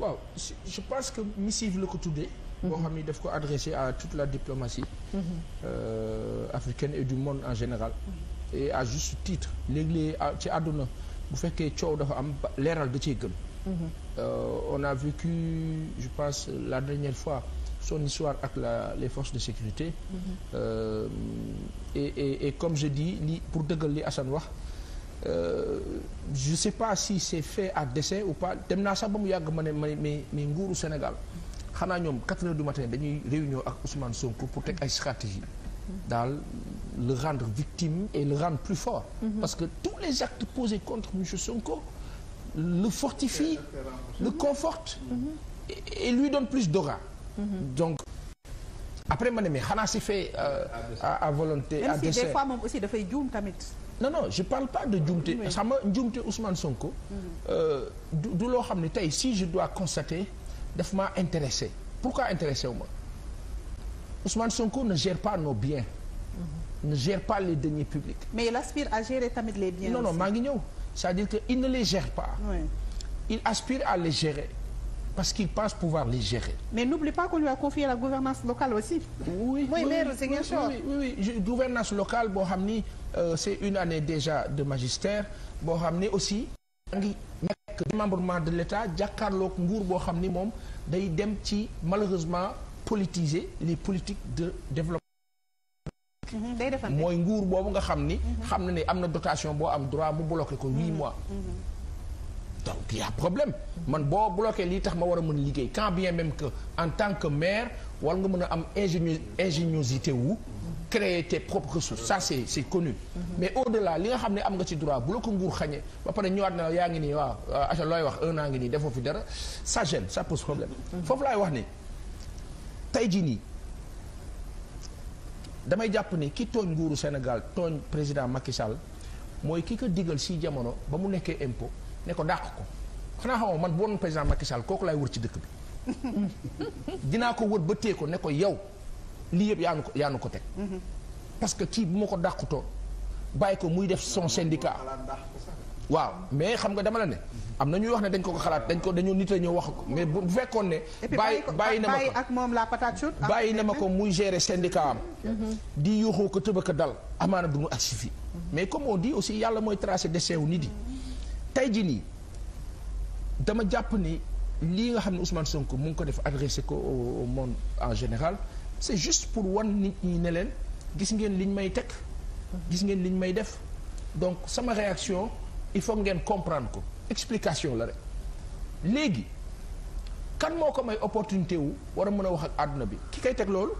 waaw je pense que missive la ko tuddee. Mhm. boo xam ni daf ko adressé à toute la diplomatie. Mhm. Euh, africaine et du monde en général. Mhm. et à juste titre léeg ah, ci àdduna bu fekkee coow dafa am leeral da cee gën. Euh, on a vécu je pense la dernière fois son histoire ak la les forces de sécurité. Euh, et et et comme je dis li pour dëggal li Assane wax. Euh, je sais pas si c'est fait à dessein ou pas dem naa sax ba mu yàgg ma ne ma mais mais nguuru Sénégal xanaa ñoom quatre heures du matin dañuy réunion ak Ousmane Sonko pour teg ay stratégie daal le rendre victime et le rendre plus fort mm-hmm. parce que tous les actes posés contre monsieur Sonko le fortifie mm-hmm. le conforte mm -hmm. et, et lui donne plus d'aura mm donc après ma ne mais xanaa si fait euh, à, volonté à dessein aussi dafay juum tamit non non je parle pas de njuumte xam nga njuumte Ousmane Sonko. Mm-hmm. Euh, du du loo xam ne tey si je dois constater daf maa intéressé pourquoi intéressé wu ma Ousmane Sonko ne gère pas nos biens. Mm-hmm. ne gère pas les deniers publics. mais il aspire à gérer tamit les biens. non non maa ngi ñëw c'est-à-dire que il ne les gère pas. il aspire à les gérer. parce qu'il pense pouvoir les gérer. Mais n'oublie pas qu'on a confié la gouvernance locale aussi. Oui, oui, maire Ziguinchor. Oui, oui, oui, gouvernance locale boo xam ni euh, c'est une année déjà de magistère boo xam ni aussi ngi nekk démembrement de l'État jàkkaarloog nguur boo xam ni moom day dem ci malheureusement politiser les politiques de développement mm-hmm, mooy nguur boobu nga xam ni mm-hmm. xam na ne am na dotation boo am droit mu bloqué ko huit mm-hmm. mois donc il y problème man boo bloqué lii tax ma war a mën liggéey quand bien même que en tant que maire war nga mën a am ingénieux ingéniosité wu créer tes propres sa ça c'est connu mm-hmm. mais au-delà li nga xam ne am nga ci droit bu la ko nguur xañee ba pare ñëwaat na yaa ngi nii waaw aca looy wax un ngi nii defoo fi dara ça gêne ça pose problème mm-hmm. foofu laay wax ni tey jii nii damay jàpp ni ki tooñ nguuru Sénégal tooñ président Macky mooy ki ko digal si jamono ba mu nekkee impôt ne ko dàq ko xanaa xamoo man bon président Macky kooku laay wër ci dëkk bi dinaa ko wër ba téye ko ne ko yow lii yëpp yaa nu ko yaa nu ko teg. parce que kii bu ma ko dàqutoo bàyyi ko muy def son syndicat. waaw mais xam nga dama ne. am na ñuy wax ne dañ ko ko dañ ko dañoo nit la wax ko mais bu fekkoon na ma ko bàyyi na ma ko muy gérer syndicat am. Mhm. di yuuxoo ko tëb a ko dal amaana du mu agsi fii mhm. mais comme on dit aussi yàlla mooy tracer de wu nit yi. tey ji nii dama jàpp ni lii nga xam ne Ousmane Sonko mu ngi ko def adressé ko au monde en général c'est juste pour wan nit ñi ne leen gis ngeen liñ may teg gis ngeen liñ may def donc sama réaction il faut ngeen comprendre ko explication la rek léegi kan moo ko may opportunité wu war a mën a wax ak àdduna bi ki kay teg loolu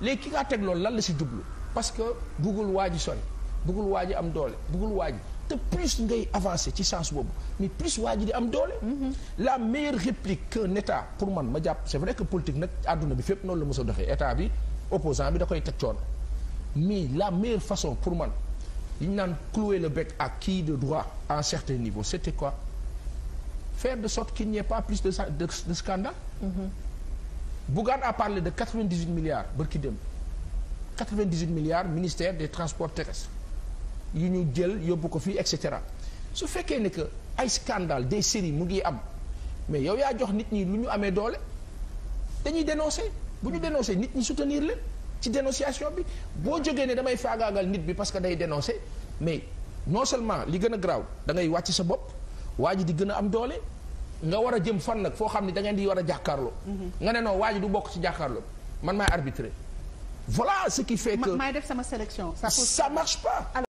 léegi ki ngaa teg loolu lan la si jublu parce que buggul waa ji sori bëggul waa am doole bëggul waa ji te plus ngay avancer ci sens boobu mais plus waa ji di am doole. Mm-hmm. la meilleure réplique qu'un état pour man ma jàpp c'est vrai que politique nag àdduna bi fépp noonu la mos a doxee bi opposant bi da koy teg coono mais la meilleure façon pour man li ñu naan clouer le bec ak qui de droit en un certain niveau c'était quoi faire de sot qu'il n'y ait pas plus de de, de scandale. Mm-hmm. Bougane a parlé de quatre-vingt-dix-huit milliards bërki dem quatre-vingt-dix-huit milliards ministère des transports terrestres. yi ñu jël yóbbu ko fii et su fekkee ne que ay scandale des séries mu ngi am mais yow yaa jox nit ñi lu ñu amee doole dañuy dénoncer bu ñu dénoncer nit ñi soutenir leen ci dénonciation bi boo jógee ne damay faagaagal nit bi parce que day dénoncer mais non seulement li gën a garaaw da ngay wàcc sa bopp waa ji di gën a am doole nga war a jëm fan nag foo xam ne da di war a jàkkaarloo. Mm-hmm. nga ne non waa ji du bokk ci jàkkaarloo man maay arbitré voilà ce qui fait que. maay def sama sélection. ça marche pas.